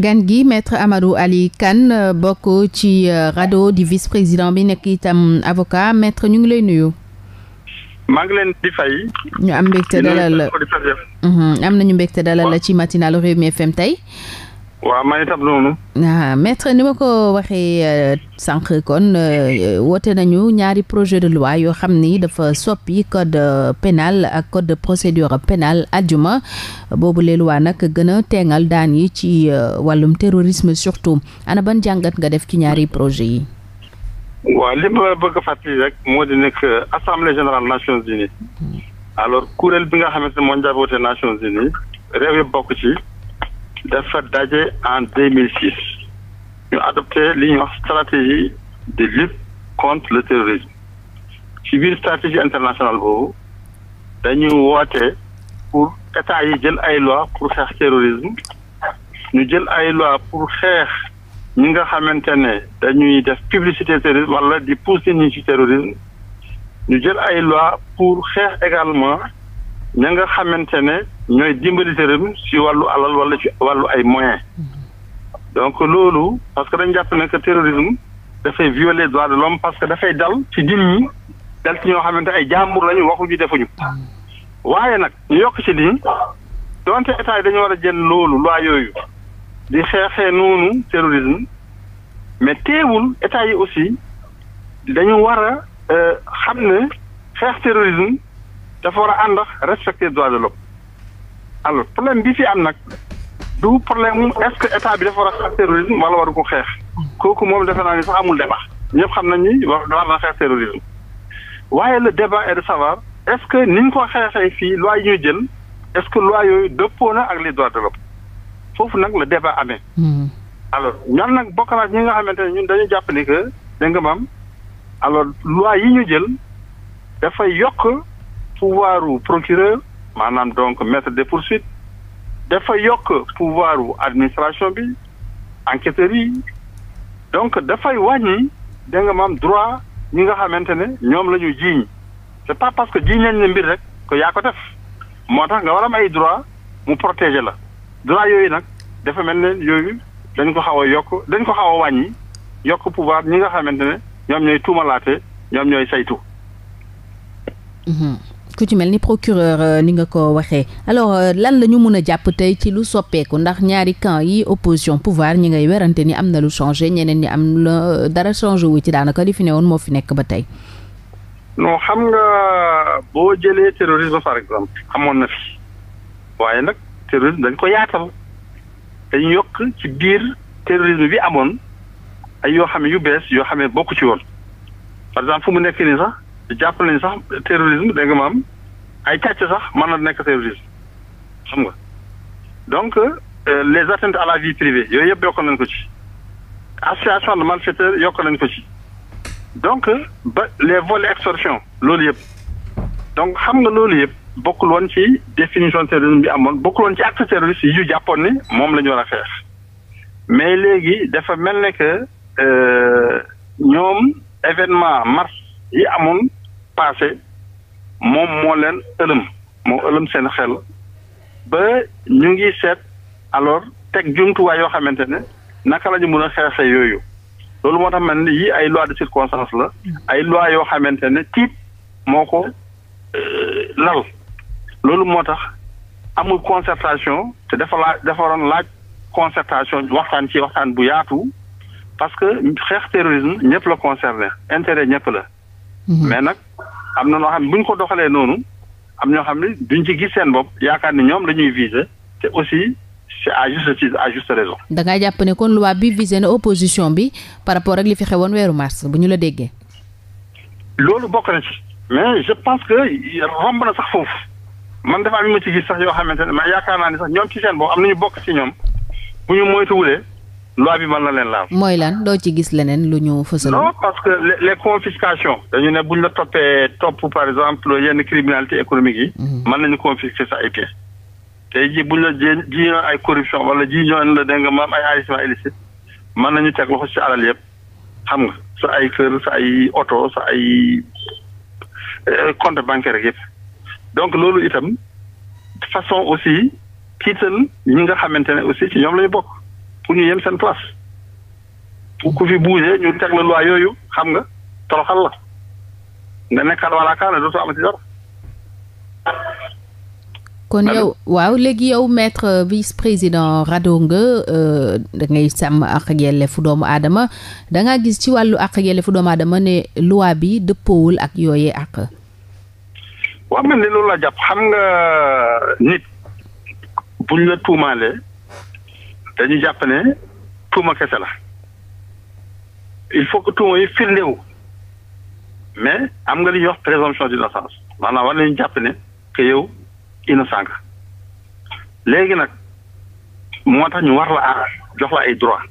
gan gi maître Amadou Aly Kane euh, bokk ci euh, RADDHO di vice président bi nekk itam avocat maître ñu ngi lay nuyu. maa ngi leen ñu am mbégte dalal mhm. nañu mbégte dalal la ci matinalu Rewmi FM waaw man itam noonu. ah maître ni ma ko waxee euh, sànq kon euh, woote nañu ñaari projet de loi yoo xam ni dafa soppi code euh, pénal ak code de procédure pénale ajuma boobu les lois nag gën a teengal daan yi ci wàllum terrorisme surtout ana ban jàngat nga def ci ñaari projet yi. waaw li ma bëgg a fàttali rek moo di nekk assemblée générale Nations Unies hmm. alors kuréel bi nga xamante ne moo njaboote Nations Unies réew yi bokk ci. dafa daje en deux mille six ñu adopté li ñuy wax stratégie di lutte contre le terrorisme ci biir stratégie internationale boobu dañu woote pour état yi jël ay loi pour xeex terrorisme ñu jël ay loi pour xeex ñi nga xamante ne dañuy def publicité terrorisme wala di pousser nit ci terrorisme ñu jël ay loi pour xeex également ña nga xamante ne ñooy dimbali tëram ci wàllu alal wala ci wàllu ay moyen donc loolu parce que dañ jàpp ne que terrorisme dafay violer droits de l'homme parce que dafay dal ci nit ñi dal ci ñoo xamante ay jàmbur lañu waxuñu defuñu waaye nag ñu yokk ci lii donte état yi dañu war a jël loolu loi yooyu di xeexee noonu terrorisme mais teewul état yi aussi dañu war a euh, xam ne xeex terrorisme dafa war a ànd respecter droit de l'homme alors problème bi fi am nag du problème est-ce que état bi dafa war a xeex terrorisme wala waru ko xeex kooku moom defe naa ni sax amul débat ñëpp xam nañ na xeex terrorisme waaye le débat est de ce que ni ko xeexee fii loi jël est yooyu dëppoo na ak les foofu nag le débat amee. Hmm. alors ñaan nag nga xamante ne ñun dañu jàpp ni que dégg nga maam alors loi yi ñu jël dafay yokk. pouvoir u procureur maanaam donc maître des poursuites dafa yokk pouvoir u administration bi enquêteurs yi donc dafay wàññi da nga maam droit ñi nga xamante ne ñoom la ñu jiiñ c'est pas parce que jiiñ lañ ne mbir rek que yaa ko def moo tax nga war am ay droit mu protéger la droit yooyu nag dafa mel ne yooyu dañ ko xaw a yokk dañ ko xaw a wàññi yokk pouvoir ñi nga xamante ne ñoom ñooy tuumalaate ñoom ñooy saytu. Mhm. ku ci mel ni procureur euh, ni nga ko waxee alors euh, lan la ñu mën a jàpp tey ci lu soppeeku ndax ñaari camp yi opposition pouvoir ñi ngay werante ni am na lu changé ñeneen ñi am euh, dara changé wu ci daanaka li fi ne woon moo fi nekk ba tey. non xam nga boo jëlee terrorisme par exemple amoon na fi waaye nag terrorisme dañ ko yaatal dañ yokk ci biir terrorisme bi amoon ay yoo xam yu bees yoo xam ne bokku ci woon par exemple fu mu nekk nii sax. jàpp nañ sax terrorisme dégg nga maam ay càcc sax man na nekk terrorisme xam nga donc euh, les atteintes à la vie privée yooyu yëpp yokk nañ ko ci association de malfaiteurs yokk nañ ko ci donc ba les vols extorsion loolu yëpp donc xam nga loolu yëpp bokkul woon ci définition terrorisme bi amoon bokk woon ci acte terroriste yi yu jàppoon ni moom la ñu war a xeex mais léegi dafa mel ne que euh, ñoom événement mars yi amoon passé moom moo leen ëlëm moo ëlëm seen xel ba ñu ngi seet alors teg jumtuwaay yoo xamante ne naka la ñu mën a xeexee yooyu loolu moo tax man yi ay loi de circonstance la ay loi yoo xamante ne tiit moo ko euh, lal loolu moo tax amul concertation te dafa laaj laaj concertation waxtaan ci waxtaan bu yaatu parce que xeex terrorisme ñëpp la concerné intérêt ñëpp la Mhm. mais nag am na noo xam ne bu ñu ko doxalee noonu am ñoo xam ne duñ ci gis seen bopp yaakaar ni ñoom lañuy viser te aussi c'est à juste titre à juste raison. da ngaa jàpp ne kon loi bi visé na opposition bi par rapport ak li fi xewoon weeru mars bu ñu la déggee. loolu bokk na ci mais je pense que romb na sax foofu man dafa am yu ma ci gis sax yoo xamante ne man yaakaar naa ni sax ñoom ci seen bopp am nañu bokk ci ñoom bu ñu moytuwulee loi bi mën na leen laal. mooy lan doo ci gis leneen lu ñu fësal. non parce que les les dañu ne bu ñu la toppee topp par exemple yenn criminalité économique yi. man mhm. nañu confisquer sa ay pièces. te jii bu ñu la jii jiñoon ay corruption wala jiñoon la dégg nga maam ay enrichissement illicite man nañu teg loxo ci alal yëpp xam nga sa ay kër sa ay oto sa ay euh, compte bancaire yëpp. donc loolu itam façon aussi tiital ñi nga xamante ne aussi ci ñoom la bokk. pour ñu yem seen place pour ku fi bougé ñu teg la loi yooyu xam nga toroxal la nga nekkaat wala kaane dootoo amati dara. kon yow waaw léegi yow maître euh, vice président radio nga euh, dangay ngay sàmm àq ak yelleefu doomu aadama danga gis ci wàllu àq ak yelleefu doomu aadama ne loi bi dëppoowul ak yooyee àq. waaw man de loolu laa jàpp xam nga nit buñ la tuumaalee. dañu jàpp ne tuuma kese la il faut que tuuma yi firndewu mais am nga li ñuy wax présomption d'innocence maanaam war nañu jàpp ne que yow innocent nga léegi nag moo tax ñu war la aar jox la ay droit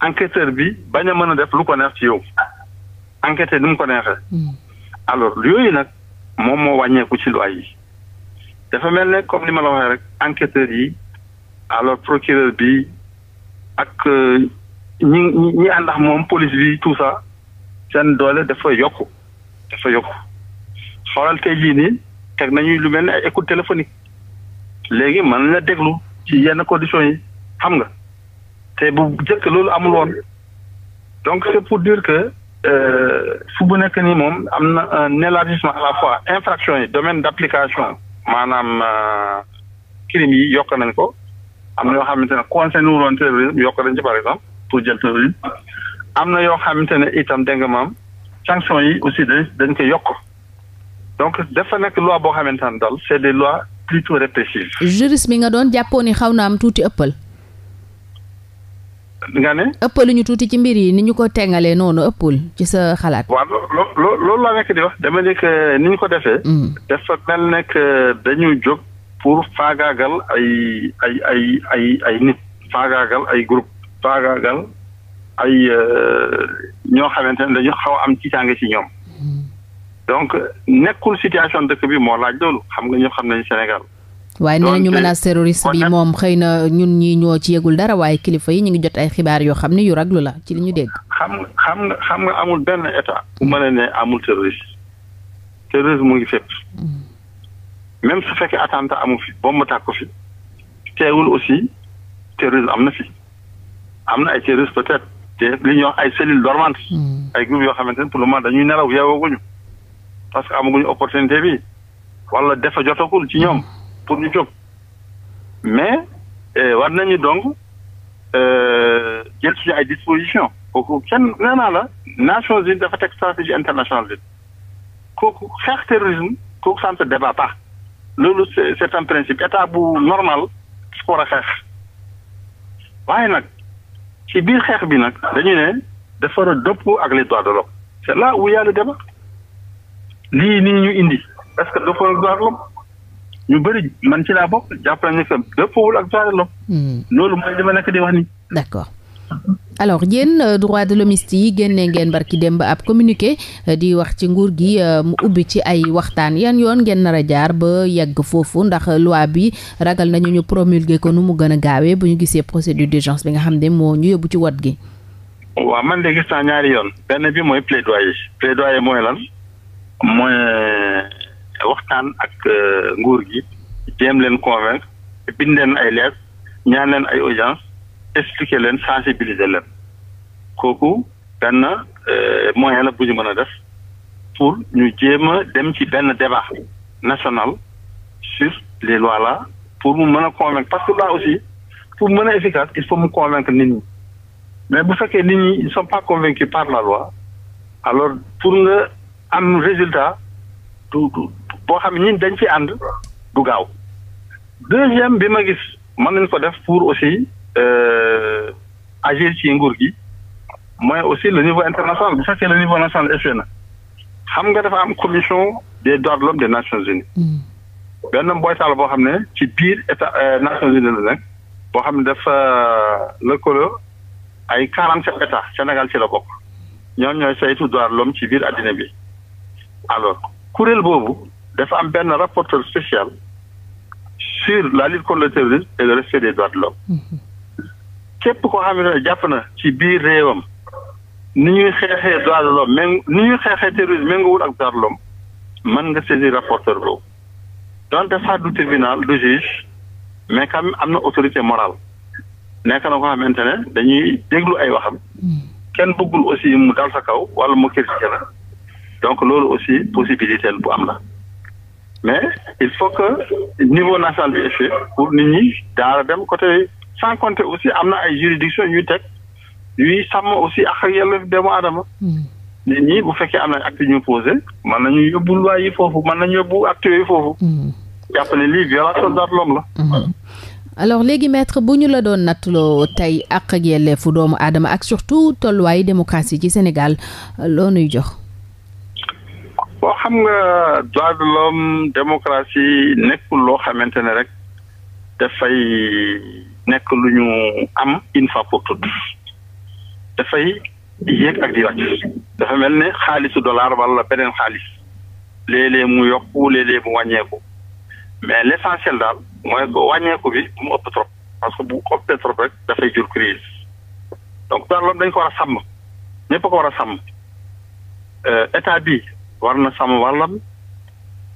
enquêteur bi bañ a mën a def lu ko neex ci yow enquêteur ni mu ko neexee hmm. alors yooyu nag moom moo wàññeeku ci ay yi dafa mel ne comme ni ma la waxee rek enquêteurs yi alors procureur bi ak euh, ñi ñi ànd ak moom police bi tout ça seen doole dafa yokk dafa yokku xoolal tey jii nii teg nañuy lu mel ni ay écoute téléphonique léegi mën na déglu ci yenn conditions yi xam nga te bu jëkk loolu amul donc c'est pour dire que euh, fu bu nekk nii moom am na un élargissement à la fois infraction yi domaine d'application maanaam euh, crime yi yokk nañ ko am na yoo xamante ne concerné wu yokk dañ ci par exemple pour jël terrorisme am na yoo xamante ne itam dégg nga maam sanctions yi aussi dañ dañ koy yokk donc dafa nekk loi boo xamante ne daal c'est des lois plutôt répressives. juriste bi nga doon jàppoo ni xaw na am tuuti ëppal. nga ne. ëppal ñu tuuti ci mbir yi ni ñu ko tengalee noonu ëppul ci sa xalaat. waaw loo loo loolu laa nekk di wax dama ne ni ñu ko defee. Mm. def fa mel nekk dañu jóg. pour faagaagal ay ay ay ay ay nit faagaagal ay groupe faagaagal ay euh, ñoo xamante ne dañu xaw am ci tiitaange ci ñoom donc nekkul situation dëkk bi moo laaj loolu xam nga ñëpp xam nañu Sénégal. waaye nee nañu menace terroriste bi moom xëy na ñun ñi ñoo ci yëgul dara waaye kilifa yi ñu ngi jot ay xibaar yoo xam ne yu raglu la ci li ñu dégg. xam nga xam nga xam nga amul benn état. bu mën a ne amul terroriste terrorisme mu ngi fépp. Mm. même su fekkee attentat amu fi bomb tàkku fi teewul aussi terrorisme am na fi am na ay terroristes peut-être li ñuy wax ay cellules dormantes. Hmm. ay groupes yoo xamante ne pour le moment dañuy nelaw yeewaguñu parce que amaguñu opportunité bi walla defa jotagul ci ñoom hmm. pour ñu jóg mais eh, war nañu donc euh, jël suñu ay dispositions. kooku kenn nee la Nations Unies dafa teg stratégie internationale bi kooku xeex terrorisme kooku ça ne se débat loolu c'est c'est un état bu normal su a xeex waaye nag ci biir xeex bi nag dañu ne dafa war dëppoo ak les droits de l'homme c'est là où il y lii nit ñu indi parce que dëppoo ak droits ñu bëri man ci laa bokk jàpp nañu ne dëppwul ak droits de hmm. loolu mooy dama nekk di wax nii d'accord alors yéen euh, droit de l'homiste yi génnee ngeen barki démb ab communiqué euh, di wax ci nguur gi euh, mu ubbi ci ay waxtaan yan yoon ngeen nar a jaar ba yegg foofu ndax loi bi ragal nañu ñu promulguer ko nu mu gën a gaawee bu ñu gisee procédure d'urgence bi nga xam ne moo ñu yóbbu ci wot gi. waaw man de gis naa ñaari yoon benn bi mooy plaidoyer plaidoyer mooy lan mooy waxtaan ak nguur gi jéem leen convaincre bind leen ay lettre ñaan leen ay audience expliquer leen sensibiliser leen kooku benn euh, moyen la bu ñu mën a def pour ñu jéem dem ci benn débat national sur les lois là pour mu mën a convaincre parce que la aussi pour mën a efficace il faut mu convaincre nit ñi mais bu fekkee nit ñi ils sont pas convaincus par la loi alors pour nga am résultat du du boo xam ne dañ ci ànd du gaaw deuxième bi ma gis mën nañ ko def pour aussi Euh, agir ci nguur gi mooy aussi le niveau international bu se le niveau national échoué na xam nga dafa am commission des droits de l'homme des nations unies hmm. benn mbootaal boo xam ne ci biir état euh, nations unies la nekk boo xam ne dafa euh, lëkkaloo ay quarante sept état Sénégal ci la bokk ñoom ñooy saytu droits de l'homme ci biir àddina bi alors kuréel boobu dafa am benn rapporteur spécial sur la lutte contre le terrorisme et le respect des droits de l'homme hmm. cép koo xam jàpp na ci biir réewam ni ñuy xeexee droit de l'homme méng ni ñuy xeexee terrorisme méngoowul ak droit de l'homme mën nga saisir rapporteur boobu donte sax du tribunal du juge mais quand am na autorité morale nekk na ko xamante ne dañuy déglu ay waxam kenn bëggul aussi mu dal sa kaw wala mu critiqué la donc loolu aussi possibilité bu am la mais il faut que niveau national bi effet pour nit ñi daara dem côté sans aussi am na ay juridiction yuy teg yuy sàmm aussi ak yelleef doomu aadama. Hmm. nit ñi bu fekkee am na acte ñu posé mën nañu yóbbu loi yi foofu mën nañu yóbbu acte yooyu foofu. Hmm. jàpp ne lii violation de l'homme la. Hmm. alors léegi metre bu ñu la doon nattloo tey ak ak yelleefu doomu aadama ak surtout tolluwaayu démocratie ci Sénégal loo nuy jox. boo xam nga droit de l'homme démocratie nekkul loo xamante ne rek dafay. nekk lu ñu am une fois pour toutes dafay yéeg ak di wàcc dafa mel ni xaalisu dollar wala beneen xaalis léeg-léeg mu yokku léeg-léeg mu wàññeeku mais l'essentiel daal mooy ko wàññeeku bi bu mu ëpp trop parce que bu ëppee trop rek dafay jur crise donc daal loolu dañ ko war a sàmm ñëpp ko war a sàmm euh, état bi war na sàmm wàllam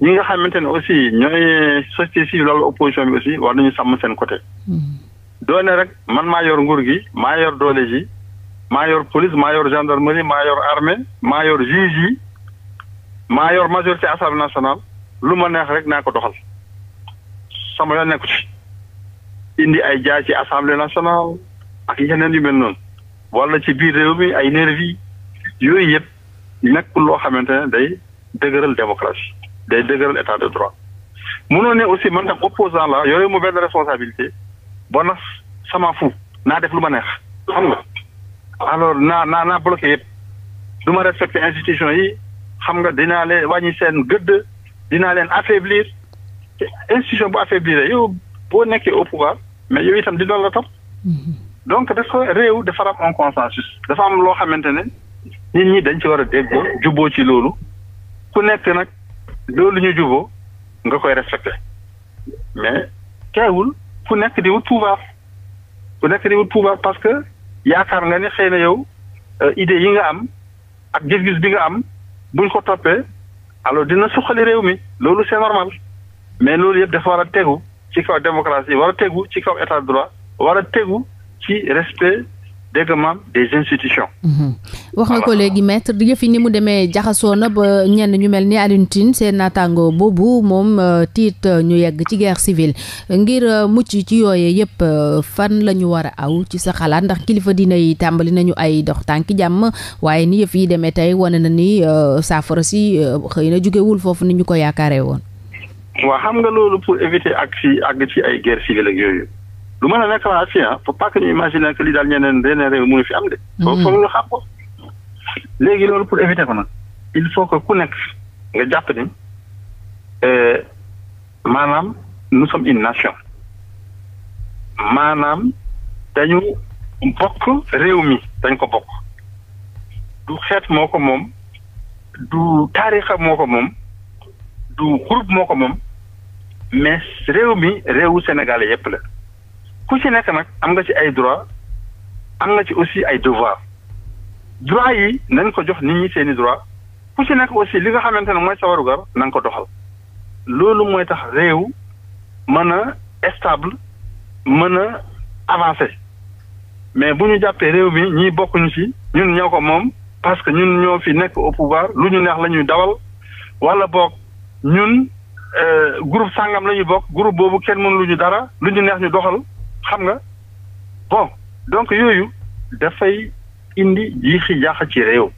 ñu nga xamante ne aussi ñooy société civile wala opposition bi aussi war nañu sàmm seen côté hmm. doo rek man maa yor nguur gi maa yor doole ji maa yor police maa yor gendarmerie maa yor armée maa yor juge yi maa yor majorité assemblée nationale lu ma neex rek naa ko doxal sama yoon nekku ci indi ay jaay ci assemblée nationale ak yeneen yu mel noonu wala ci biir réew mi ay nervi yooyu yëpp nekk loo xamante ne day dëgëral démocratie day dëgëral état de droit mënoo ne aussi man tam opposant la yore mu benn responsabilité bon na sama fu naa def lu ma neex xam nga alors naa naa naa bloqué yëpp du ma respecté institution yi xam nga dinaa leen wàññi seen gëdd dinaa leen affaiblir te institution bu affaiblir yow boo nekkee au pouvoir mais yow itam di doon la topp mm-hmm. donc ko réew dafa am un consensus dafa am loo xamante ne nit ñi dañ ci war a déggoo juboo ci loolu ku nekk nag loolu ñu juboo nga koy respecté mais teewul ku nekk di wut pouvoir ku nekk di wut pouvoir parce que yaakaar nga ne xëy na yow euh, idée yi nga am ak gis-gis bi nga am buñ ko toppee alors dina suqali réew mi loolu c'est normal mais loolu yëpp dafa war a tegu ci kaw démocratie war a tegu ci kaw état de droit war a tegu ci respect dégg maam des institutions. Mm-hmm. wax nga ko léegi maître yëf yi ni mu demee jaxasoo na ba ñenn ñu mel ni Alioune Tine seen naataango boobu moom euh, tiit euh, ñu yegg ci guerre civile ngir euh, mucc ci yooyee yëpp fan lañu war a aw ci sa xalaat ndax kilifa dina yi tàmbali nañu ay dox tànki jàmm waaye ni yëf yi demee tey wane na ni saafara si xëy na jugewul foofu ni ñu ko yaakaaree woon. waaw xam nga loolu pour éviter ak si àgg ci ay guerre civile ak yooyu. lu mën a nekk la si ah faut pas ñu imaginer que léegi loolu pour éviter ko nag il faut que ku nekk nga jàpp ni euh, maanaam nous sommes une nation maanaam dañu bokk réew mi dañ ko bokk du xeet moo ko moom du taarixa moo ko moom du groupe moo ko moom mais réew mi réewu Sénégal yépp la ku ci nekk nag am nga ci ay droit am nga ci aussi ay devoir droit yi nañ ko jox nit ñi seeni i droit ku ci nekk aussi li nga xamante ne mooy sa warugar na ko doxal loolu mooy tax réew mën a estable mën a avancé mais bu ñu jàppee réew mi ñii bokkuñu ci ñun ñoo ko moom parce que ñun ñoo fi nekk au pouvoir lu ñu neex la ñuy dawal wala boog ñun euh, groupe sàngam la ñuy bokk groupe boobu kenn mën lu ñu dara lu ñu neex ñu doxal xam nga bon donc yooyu dafay indi jiixi jaaxa ci réew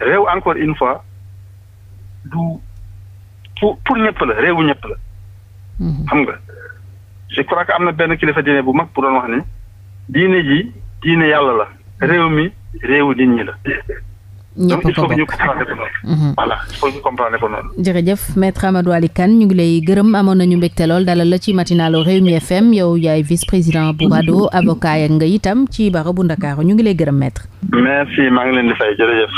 réew encore une fois du pour pour ñëpp la réewu ñëpp la. Mhm. xam nga je crois que am na benn kilifa diine bu mag bu doon wax ni diine ji diine yàlla la réew mi réew nit ñi la. ñëpp ko bokk donc il faut ñu ko mhm. jërëjëf maître Amadou Aly ñu ngi lay gërëm amoon nañu mbégte lool dalal la ci matinalu Rewmi FM yow yaay vice président bu RADDHO avocat ya nga itam ci barreau bu Ndakaaru ñu ngi lay gërëm maître. merci maa ngi leen di jërëjëf.